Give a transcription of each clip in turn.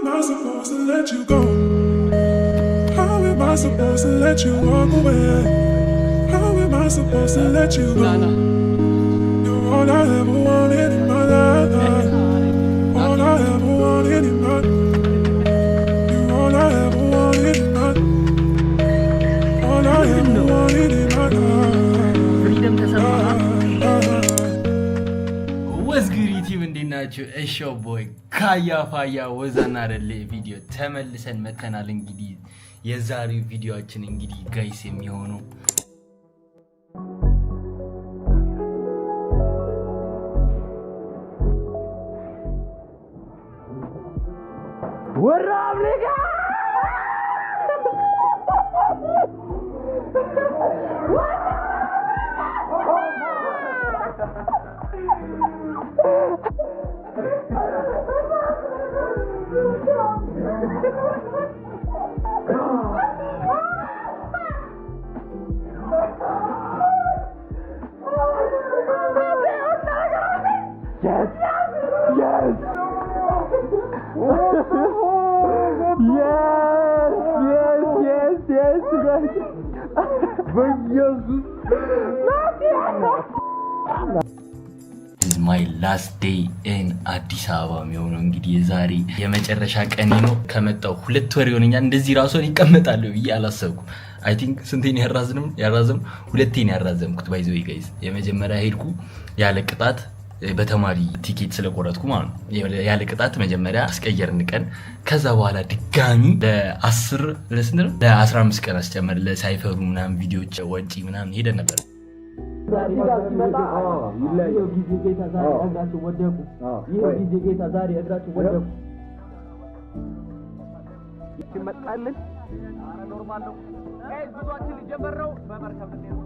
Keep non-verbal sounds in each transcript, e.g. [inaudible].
am I supposed to let you go? How am I supposed to let you walk away? How am I supposed to let you go? You're all I ever wanted in my life. All I ever wanted in my life. ናችሁ? እሾ ቦይ ካያ ፋያ ወዛና አደለ ቪዲዮ ተመልሰን መተናል። እንግዲህ የዛሬው ቪዲዮችን እንግዲህ ጋይስ የሚሆኑ Yes! Yes! yes! Yes! Yes! Yes! Guys! በኢየሱስ ማይ ላስት ዴይ ኢን አዲስ አበባ የሚሆነው እንግዲህ የዛሬ የመጨረሻ ቀኔ ነው። ከመጣው ሁለት ወር ይሆነኛል። እንደዚህ ራሷን ይቀመጣለሁ ብዬ አላሰብኩም። አይ ቲንክ ስንቴን ያራዝንም ያራዘም ሁለቴን ያራዘምኩት ባይዘ ጋይዝ የመጀመሪያ ሄድኩ ያለ ቅጣት በተማሪ ቲኬት ስለቆረጥኩ ማለት ነው። ያለ ቅጣት መጀመሪያ አስቀየርን ቀን። ከዛ በኋላ ድጋሚ ለአስር ለስንት ነው ለአስራ አምስት ቀን አስጨመር ለሳይፈሩ ምናምን ቪዲዮች ወጪ ምናምን ሄደን ነበር። መጣልን ኖርማል ነው ጀመረው በመርከብ ነው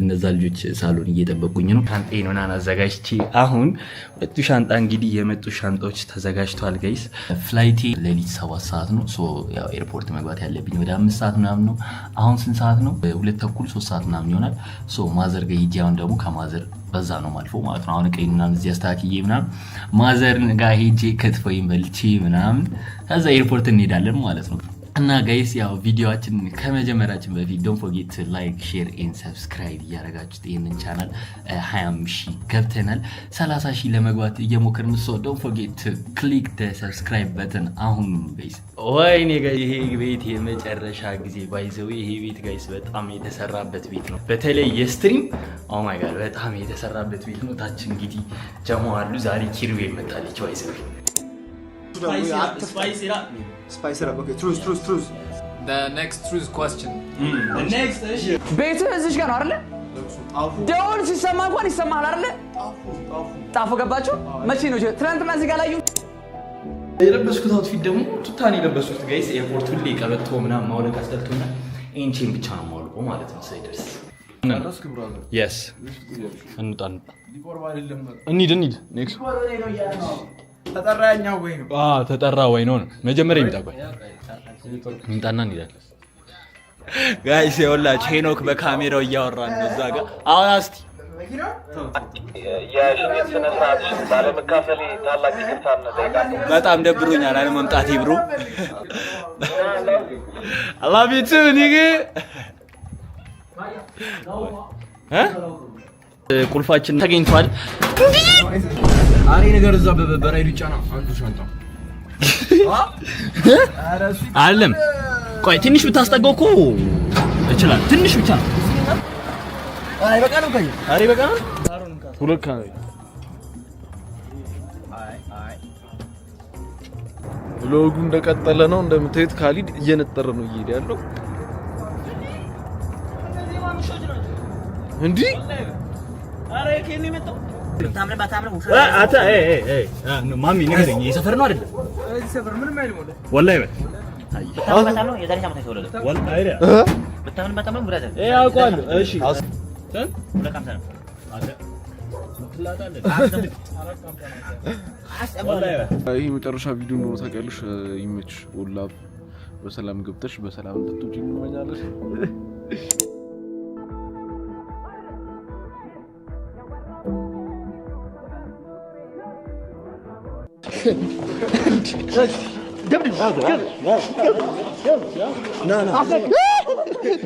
እነዛ ልጆች ሳሎን እየጠበቁኝ ነው። ሻንጤ ምናን አዘጋጅቼ አሁን ሁለቱ ሻንጣ እንግዲህ የመጡ ሻንጣዎች ተዘጋጅቷል ገይስ ፍላይቴ ሌሊት ሰባት ሰዓት ነው። ኤርፖርት መግባት ያለብኝ ወደ አምስት ሰዓት ምናምን ነው። አሁን ስንት ሰዓት ነው? ሁለት ተኩል ሶስት ሰዓት ምናምን ይሆናል። ማዘር ጋር ሂጄ አሁን ደግሞ ከማዘር በዛ ነው ማልፎ ማለት ነው። አሁን ቀይ ምናምን እዚህ አስተካክዬ ምናምን ማዘርን ጋር ሄጄ ከትፈይን በልቼ ምናምን ከዛ ኤርፖርት እንሄዳለን ማለት ነው። እና ጋይስ ያው ቪዲዮችን ከመጀመራችን በፊት ዶን ፎርጌት ላይክ ሼር ኤንድ ሰብስክራይብ እያደረጋችሁት ይህንን ቻናል 25 ሺህ ገብተናል። 30 ሺ ለመግባት እየሞከርን ሰው ዶን ፎርጌት ክሊክ ደ ሰብስክራይብ በትን አሁን ጋይስ። ወይኔ ይሄ ቤት የመጨረሻ ጊዜ ባይዘው ይሄ ቤት ጋይስ በጣም የተሰራበት ቤት ነው። በተለይ የስትሪም ኦ ማይ በጣም የተሰራበት ቤት ነው። ታችን እንግዲህ ጀሞ አሉ ዛሬ ኪሩ የመጣለች ባይዘው Spice it up. Spice it up. Spice Okay, truth, truth, truth. The next truth question. Mm. The next issue. ቤትህ እዚሽ ጋር አይደለ? ደወል ሲሰማ እንኳን ይሰማል አይደለ? ጣፉ ገባችሁ? መቼ ነው ትናንትና እዚህ ጋር ላዩ የለበስኩት አውትፊት ደግሞ ቱታን የለበስኩት ጋይስ ኤርፖርት ሁሌ ቀበቶ ምናምን ማውለቅ አስጠልቶና ኤንቼን ብቻ ነው የማውልቀው ማለት ነው ሳይደርስ እንሂድ እንሂድ ተጠራ ወይ ነው መጀመሪያ ይምጣ። ቆይ ይምጣና እንሄዳለን። ጋይስ ይኸውላችሁ ሄኖክ በካሜራው እያወራ ነው እዛ ጋር። አሁን አስቲ በጣም ደብሮኛል አለመምጣቴ ብሩ አላቤቱ ኒግ ቁልፋችን ተገኝቷል። አሬ ነገር እዛ በራይ ጫና አንዱ ሻንጣ አለም። ቆይ ትንሽ ብታስጠጋው እኮ ይችላል። ትንሽ ብቻ ነው። አይ በቃ ነው። አሬ በቃ ነው። ሁለት ሎጉ እንደቀጠለ ነው። እንደምታዩት ካሊድ እየነጠረ ነው እየሄደ ያለው እንዲህ ማሚ ንገረኝ፣ የሰፈር ነው አይደለም? ወላሂ በል ይህ መጨረሻ ቪዲዮ ነው። ታውቂያለሽ፣ ይመችሽ። ወላሂ በሰላም ገብተሽ በሰላም እንድትወጪ እንመኛለን።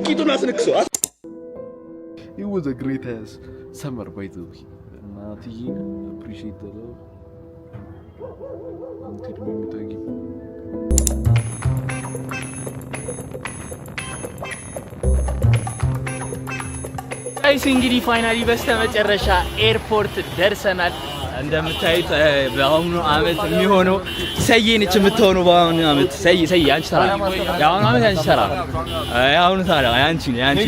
ቂጡን አስነክሶ ሰመር ባይዘ እናትዬ እንግዲህ ፋይናሊ በስተመጨረሻ ኤርፖርት ደርሰናል። እንደምታዩት በአሁኑ አመት የሚሆነው ሰዬ ነች የምትሆነው። በአሁኑ አመት ሰዬ ሰዬ አንቺ ተራ የአሁኑ አመት አንቺ ተራ የአሁኑ ተራ አንቺ አንቺ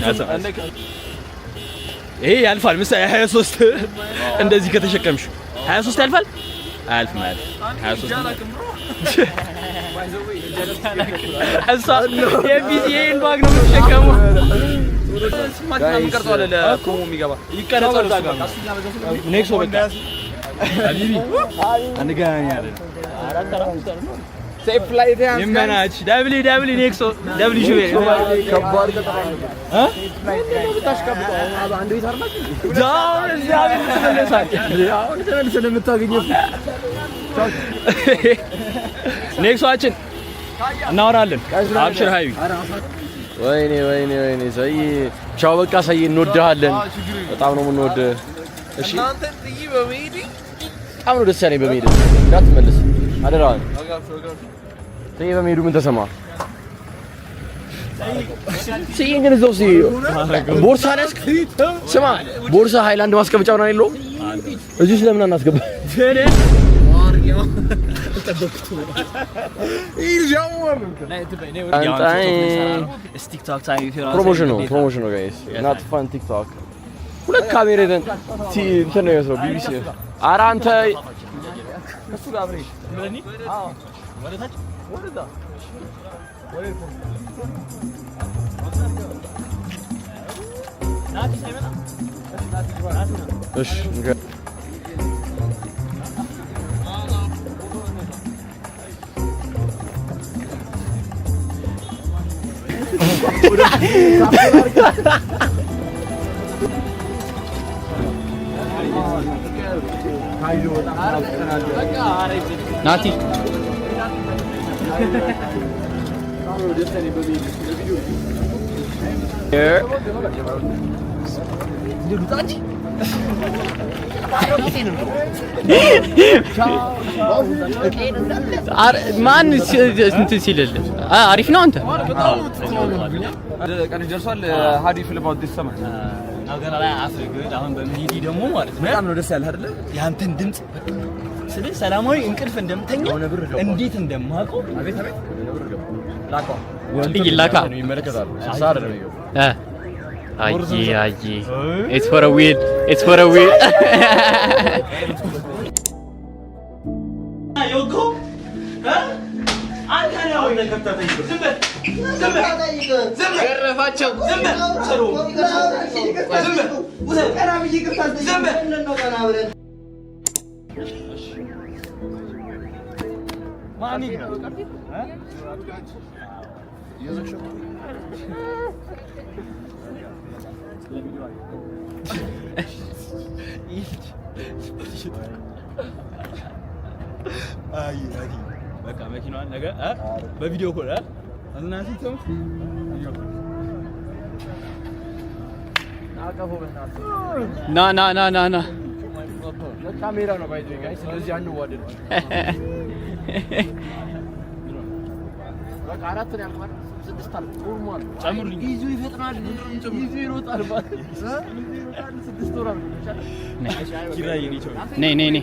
ይሄ ያልፋል። ምሳሌ 23 [laughs] እንደዚህ ከተሸከምሽ 23 ያልፋል። አልፍ ማለት 23 የቢዚን ባግ ነው የምትሸከመው። ስማት ምቀርጠዋለ ለኮሞ የሚገባ ይቀረጻል። ሀቢቢ እንገናኛለን። ኔክሶችን እናወራለን። አብሽር ሀይቢ ወይኔ ወይኔ ወይኔ ሰይ ቻው፣ በቃ ሰይ፣ እንወድሃለን። በጣም ነው የምንወድህ። እሺ በጣም ነው ደስ ያለኝ በመሄድ። እንዳትመለስ አደራህን። ስዬ በመሄዱ ምን ተሰማ? ስዬ ግን እዛው ስዬ ቦርሳ አልያዝክ? ስማ ቦርሳ ሃይላንድ ማስቀመጫ ምናምን የለውም? እዚህ ስለምን አናስገባ? ፕሮሞሽን ነው ፕሮሞሽን ነው ጋይስ ናት ፋን ቲክቶክ 후레 카메라는 티 인터넷에서 BBC 아란타 수가 아무리 그러니? 아 모르다 모르세면 Ha ha ha! ناتي Here. ማን እንትን ሲልል አሪፍ ነው አንተ ሀገር ላይ አፍግር አሁን በምሄድ ደግሞ ማለት ነው በጣም ነው ደስ ያለህ አይደለ? የአንተን ድምፅ ስለ ሰላማዊ እንቅልፍ እንደምተኛ እንዴት እንደማውቀው አቤት አቤት ላቋ አንተ ነህ ከተታ ይቅር። ዝም በል ዝም በል ዝም በል ገረፋቸው። ዝም በል ሰሩ ዝም በል ውሰድ። ቀራብ ይቅርታ ዝም በል ማን ይቅር Yazık İyi. Ay, ay. በቃ መኪናዋን ነገ በቪዲዮ ኮል ና ና ና ና ና ጨምሩልኝ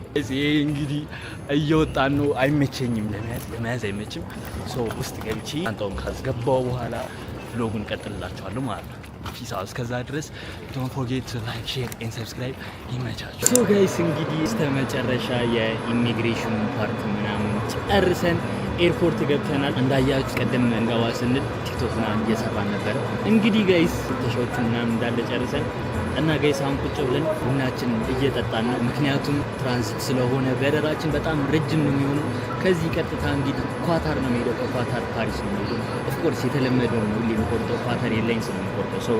እዚህ እንግዲህ እየወጣን ነው። አይመቸኝም፣ ለመያዝ ለመያዝ አይመችም። ሰው ውስጥ ገብቼ አንጣውን ካስገባው በኋላ ብሎጉን ቀጥልላችኋለሁ ማለት ነው። ፒሳ እስከዛ ድረስ ዶንት ፎርጌት ላይክ ሼር ኤንድ ሰብስክራይብ። ይመቻችሁ። ሶ ጋይስ እንግዲህ እስከ መጨረሻ የኢሚግሬሽን ፓርት ምናምን ጨርሰን ኤርፖርት ገብተናል። እንዳያችሁ ቀደም እንገባ ስንል ቲክቶክ ምናምን እየሰራን ነበር። እንግዲህ ጋይስ ፍተሻዎቹ ምናምን እንዳለ ጨርሰን እና ጋይስ አሁን ቁጭ ብለን ቡናችን እየጠጣን ነው። ምክንያቱም ትራንዚት ስለሆነ በረራችን በጣም ረጅም ነው የሚሆነው። ከዚህ ቀጥታ እንግዲህ ኳታር ነው የሚሄደው። ከኳታር ፓሪስ ነው የሚሄደው። ኦፍኮርስ የተለመደው ነው ሁሌ የሚቆርጠው ኳታር የለኝ ስለሚቆርጠው ሰው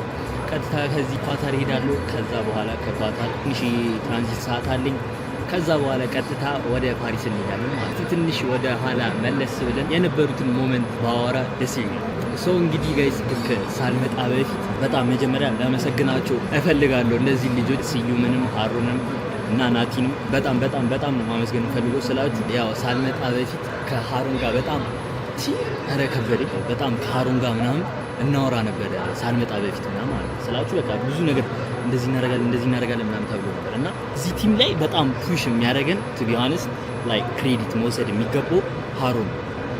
ቀጥታ ከዚህ ኳታር እሄዳለሁ። ከዛ በኋላ ከኳታር ትንሽ ትራንዚት ሰዓት አለኝ። ከዛ በኋላ ቀጥታ ወደ ፓሪስ እንሄዳለን ማለት ትንሽ ወደ ኋላ መለስ ብለን የነበሩትን ሞመንት ባወራ ደስ ይላል። ሰው እንግዲህ ጋይስ ልክ ሳልመጣ በፊት በጣም መጀመሪያ ላመሰግናቸው እፈልጋለሁ። እነዚህ ልጆች ስዩምንም፣ ሀሩንም እና ናቲንም በጣም በጣም በጣም ነው ማመስገን ፈልጎ ስላችሁ ያው ሳልመጣ በፊት ከሀሩን ጋር በጣም ኧረ ከበደ በጣም ከሀሩን ጋር ምናምን እናወራ ነበረ ሳልመጣ በፊት ምናምን ማለት ስላችሁ በቃ ብዙ ነገር እንደዚህ እናደርጋለን እንደዚህ እናደርጋለን ምናምን ተብሎ ነበር እና እዚህ ቲም ላይ በጣም ፑሽ የሚያደርገን ቱ ቢ ሆነስት ላይክ ክሬዲት መውሰድ የሚገባው ሀሩን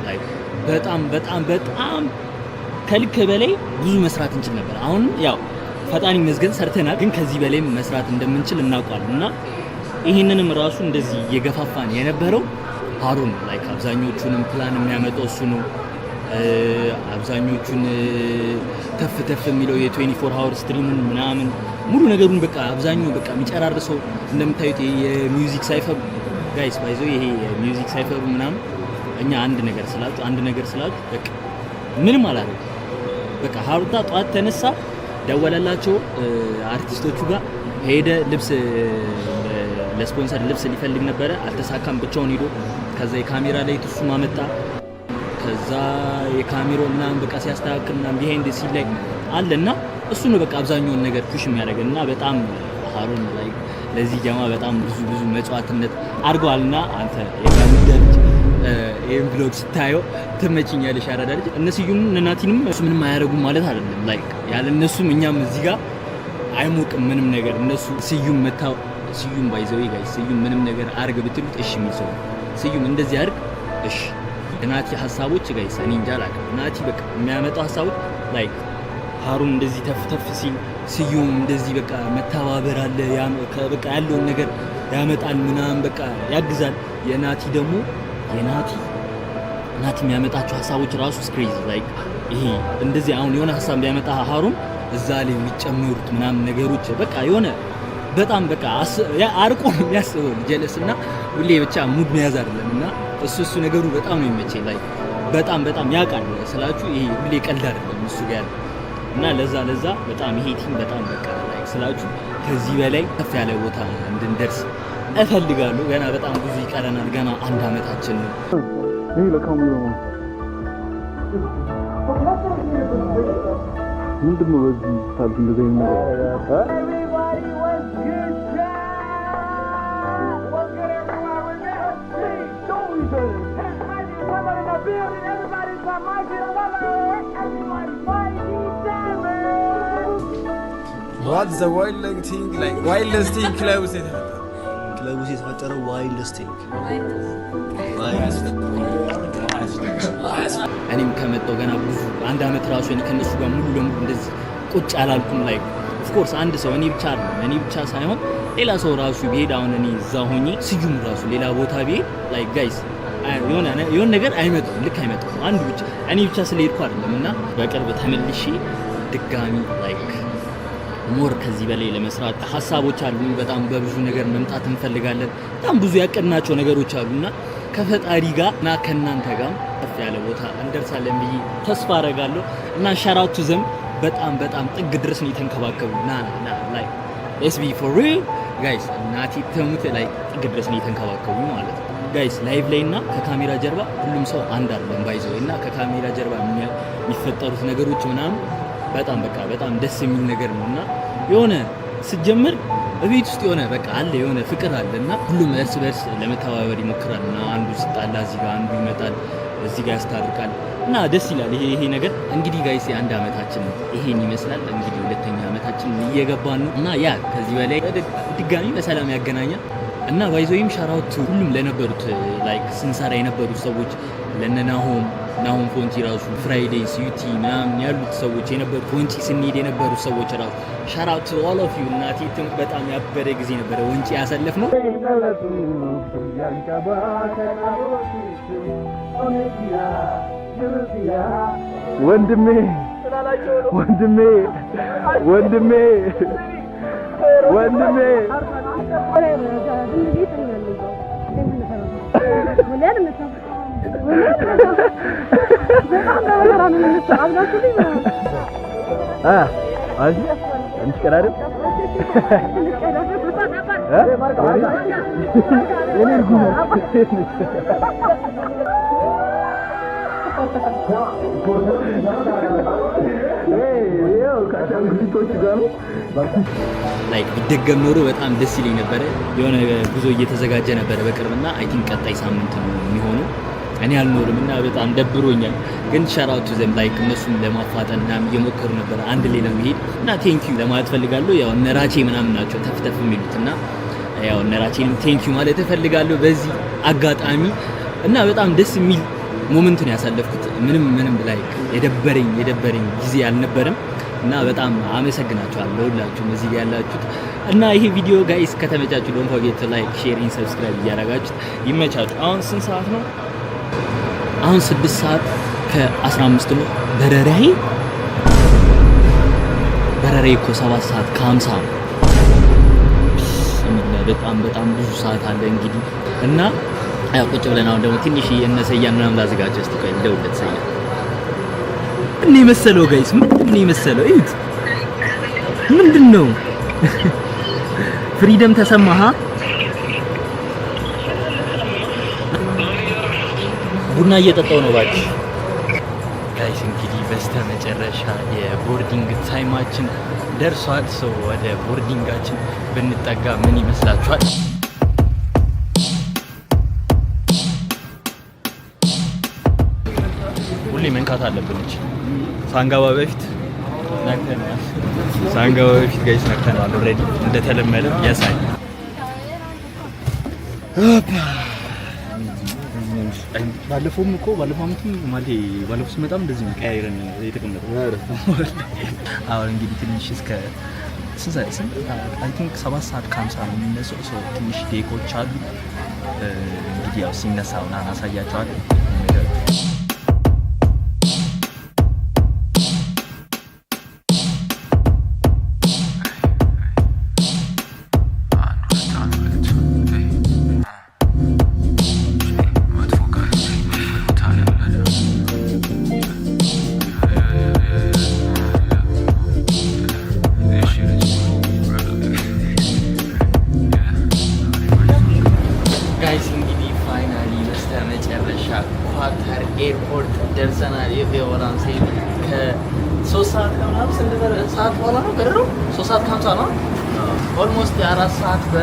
ላይክ በጣም በጣም በጣም ከልክ በላይ ብዙ መስራት እንችል ነበር። አሁን ያው ፈጣን ይመስገን ሰርተናል፣ ግን ከዚህ በላይ መስራት እንደምንችል እናውቃለን እና ይህንንም ራሱ እንደዚህ እየገፋፋን የነበረው ፓሮ ነው። ላይክ አብዛኞቹንም ፕላን የሚያመጣው እሱ ነው። አብዛኞቹን ተፍ ተፍ የሚለው የ24 ሀወር ስትሪሙን ምናምን ሙሉ ነገሩን በቃ አብዛኛው በቃ የሚጨራርሰው እንደምታዩት የሚውዚክ ሳይፈሩ ጋይስ ባይዞ ይሄ የሚውዚክ ሳይፈሩ ምናምን እኛ አንድ ነገር ስላችሁ አንድ ነገር ስላችሁ በቃ ምንም አላደረግም በቃ ሀሩታ ጠዋት ተነሳ፣ ደወለላቸው አርቲስቶቹ ጋር ሄደ። ልብስ ለስፖንሰር ልብስ ሊፈልግ ነበረ፣ አልተሳካም። ብቻውን ሄዶ ከዛ የካሜራ ላይ ትሱ ማመጣ ከዛ የካሜሮ ምናምን በቃ ሲያስተካክል ምናምን ቢሄንድ ሲል ላይ አለ እና እሱ ነው በቃ አብዛኛውን ነገር ፑሽ የሚያደርግ እና በጣም ሀሩን ላይ ለዚህ ጀማ በጣም ብዙ ብዙ መጽዋትነት አድርገዋል እና አንተ የጋሚዳልጅ ይህን ብሎግ ስታየው ትመችኛለሽ አራዳ ልጅ። እነ ስዩም እሱ ምንም አያደርጉም ማለት አይደለም። ላይክ ያለ እነሱም እኛም እዚህ ጋር አይሞቅም ምንም ነገር። እነሱ ስዩም መታው ስዩም ባይዘው ጋይ ስዩም ምንም ነገር አርግ ብትሉት እሺ የሚል ሰው ስዩም እንደዚህ አርግ እሺ። ናቲ ሀሳቦች ጋ ሰኒ እንጃ ላቅ ናቲ በቃ የሚያመጣው ሀሳቦች ላይክ ሀሩን እንደዚህ ተፍተፍ ሲል ስዩም እንደዚህ በቃ መተባበር አለ በቃ ያለውን ነገር ያመጣል ምናምን በቃ ያግዛል። የናቲ ደግሞ የናቲ ናቲ የሚያመጣቸው ሀሳቦች ራሱ ስክሪዝ ላይክ ይሄ እንደዚህ አሁን የሆነ ሀሳብ ቢያመጣ ሀሩን እዛ ላይ የሚጨምሩት ምናምን ነገሮች በቃ የሆነ በጣም በቃ አርቆ ነው የሚያስበው ጀለስ እና ሁሌ ብቻ ሙድ መያዝ አይደለም እና እሱ እሱ ነገሩ በጣም ነው የሚመቸኝ ላይ በጣም በጣም ያውቃል ስላችሁ ይሄ ሁሌ ቀልድ አይደለም እሱ ጋር ያለው እና ለዛ ለዛ በጣም ይሄ ቲም በጣም በቃ ላይ ስላችሁ ከዚህ በላይ ከፍ ያለ ቦታ እንድንደርስ እፈልጋለሁ። ገና በጣም ብዙ ይቀረናል። ገና አንድ አመታችን ነው። ምንድን ነው በዚህ ሳልፍ እንደዚህ ነገር What's the wildest thing like? Wildest thing close it. የተፈጠረው ዋይልስቲንግ። እኔም ከመጣው ገና ብዙ አንድ አመት ራሱ ከነሱ ጋር ሙሉ ለሙሉ እንደዚህ ቁጭ አላልኩም። ላይ ኦፍኮርስ አንድ ሰው እኔ ብቻ አለ እኔ ብቻ ሳይሆን ሌላ ሰው ራሱ ቢሄድ አሁን እኔ እዛ ሆኜ ስዩም ራሱ ሌላ ቦታ ቢሄድ ላይ ጋይስ የሆነ ነገር አይመጣም፣ ልክ አይመጣም። አንዱ ብቻ እኔ ብቻ ስለሄድኩ አይደለም እና በቅርብ ተመልሼ ድጋሚ ላይክ ሞር ከዚህ በላይ ለመስራት ሀሳቦች አሉ። በጣም በብዙ ነገር መምጣት እንፈልጋለን። በጣም ብዙ ያቀድናቸው ነገሮች አሉና ከፈጣሪ ጋር እና ከእናንተ ጋር ከፍ ያለ ቦታ እንደርሳለን ብዬ ተስፋ አረጋለሁ እና ሻራቱ ዘም በጣም በጣም ጥግ ድረስ ነው የተንከባከቡ ና ና ላይ ኤስ ቢ ፎር ሪል ጋይስ እናቴ ተሙት ላይ ጥግ ድረስ ነው የተንከባከቡ ማለት ነው ጋይስ ላይቭ ላይ እና ከካሜራ ጀርባ ሁሉም ሰው አንድ አይደለም ባይዘው እና ከካሜራ ጀርባ የሚፈጠሩት ነገሮች ምናምን በጣም በቃ በጣም ደስ የሚል ነገር ነው እና የሆነ ስትጀምር እቤት ውስጥ የሆነ በቃ አለ የሆነ ፍቅር አለ እና ሁሉም እርስ በርስ ለመተባበር ይሞክራል እና አንዱ ሲጣላ እዚህ ጋር አንዱ ይመጣል እዚህ ጋር ያስታርቃል እና ደስ ይላል። ይሄ ይሄ ነገር እንግዲህ ጋይስ አንድ ዓመታችን ይሄን ይመስላል። እንግዲህ ሁለተኛ ዓመታችን እየገባን ነው እና ያ ከዚህ በላይ ድጋሚ በሰላም ያገናኛል እና ባይዞይም ሻራውት ሁሉም ለነበሩት ላይክ ስንሰራ የነበሩት ሰዎች ለነናሆም ናሁን ፎንቲ ራሱ ፍራይዴይ ሲዩቲ ምናምን ያሉት ሰዎች የነበሩ ወንጪ ስንሄድ የነበሩ ሰዎች ራሱ ሸራቱ ኦል ኦፍ ዩ እናቴ በጣም ያበረ ጊዜ ነበረ። ወንጪ ያሳለፍ ነው። ወንድሜ ወንድሜ ወንድሜ ወንድሜ ወንድሜ ላይክ ቢደገም ኖሮ በጣም ደስ ይለኝ ነበረ። የሆነ ጉዞ እየተዘጋጀ ነበረ በቅርብና አይ ቲንክ ቀጣይ ሳምንት ነው እኔ አልኖርም እና በጣም ደብሮኛል። ግን ሸራውት ዘም ላይክ እነሱም ለማፋጠን ምናምን እየሞከሩ ነበር አንድ ላይ ለመሄድ እና ቴንኪዩ ለማለት ፈልጋለሁ። ያው እነ ምናምን ናቸው ተፍተፍ የሚሉት እና ያው እነ ራቼንም ቴንኪዩ ማለት እፈልጋለሁ በዚህ አጋጣሚ እና በጣም ደስ የሚል ሞመንት ነው ያሳለፍኩት ምንም ምንም ላይክ የደበረኝ የደበረኝ ጊዜ አልነበረም እና በጣም አመሰግናችኋለሁ ሁላችሁም እዚህ ጋር ያላችሁት እና ይሄ ቪዲዮ ጋይስ ከተመቻችሁ ዶንት ፎርጌት ላይክ ሼር ኢን ሰብስክራይብ እያደረጋችሁት ይመቻችሁ። አሁን ስንት ሰዓት ነው? አሁን ስድስት ሰዓት ከ15 ነው። በረራይ በረራይ እኮ ሰባት ሰዓት ከ50 በጣም በጣም ብዙ ሰዓት አለ እንግዲህ እና ያው ቁጭ ብለን አሁን ደግሞ ትንሽ እነሰያን ምናምን ላዘጋጀ እስቲ ቆይ ልደውልለት። ምን የመሰለው ጋይስ፣ ምን የመሰለው እዩት። ምንድን ነው [laughs] ፍሪደም ተሰማሃ? ቡና እየጠጣው ነው ባጭ ጋይስ እንግዲህ በስተ መጨረሻ የቦርዲንግ ታይማችን ደርሷል። ሰው ወደ ቦርዲንጋችን ብንጠጋ ምን ይመስላችኋል? ሁሌ መንካት አለብንች። ሳንገባ በፊት ሳንገባ በፊት ጋይስ ነክተናል። ኦልሬዲ እንደተለመደ የሳይ ባለፈውም እኮ ባለፈው ዓመትም ማለቴ ባለፈው ስመጣም እንደዚህ ነው ቀያይረን የተቀመጠው። አሁን እንግዲህ ትንሽ እስከ አይ ቲንክ ሰባት ሰዓት ከሀምሳ ነው የሚነሳው። ትንሽ ዴኮች አሉ እንግዲህ ያው ሲነሳ ምናምን አሳያቸዋለሁ።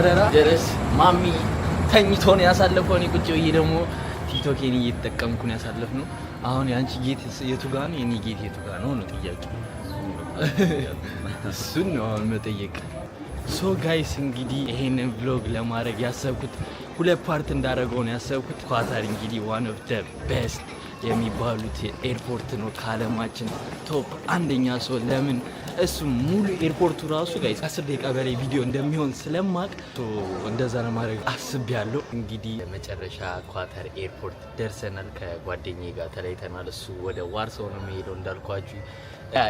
በረራ ደረስ ማሚ ነው ያሳለፈው እኔ ቁጭ ብዬ ደግሞ ቲክቶኬን እየተጠቀምኩን ያሳለፍ ነው። አሁን የአንቺ ጌት የቱ ጋ ነው? የኔ ጌት የቱ ጋ ነው ነው ጥያቄ። እሱን ነው አሁን መጠየቅ። ሶ ጋይስ እንግዲህ ይሄን ብሎግ ለማድረግ ያሰብኩት ሁለት ፓርት እንዳደረገው ነው ያሰብኩት። ኳታር እንግዲህ ዋን ኦፍ ደ ቤስት የሚባሉት ኤርፖርት ነው ከዓለማችን ቶፕ አንደኛ ሰው ለምን እሱ ሙሉ ኤርፖርቱ ራሱ ጋር ከአስር ደቂቃ በላይ ቪዲዮ እንደሚሆን ስለማቅ እንደዛ ለማድረግ አስቤያለሁ። እንግዲህ መጨረሻ ኳተር ኤርፖርት ደርሰናል። ከጓደኛዬ ጋር ተለይተናል። እሱ ወደ ዋርሰው ነው የሚሄደው እንዳልኳችሁ።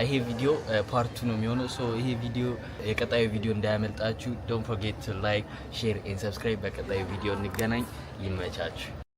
ይሄ ቪዲዮ ፓርቱ ነው የሚሆነው። ሶ ይሄ ቪዲዮ የቀጣዩ ቪዲዮ እንዳያመልጣችሁ። ዶንት ፎርጌት ላይክ፣ ሼር ኤንድ ሰብስክራይብ። በቀጣዩ ቪዲዮ እንገናኝ። ይመቻችሁ።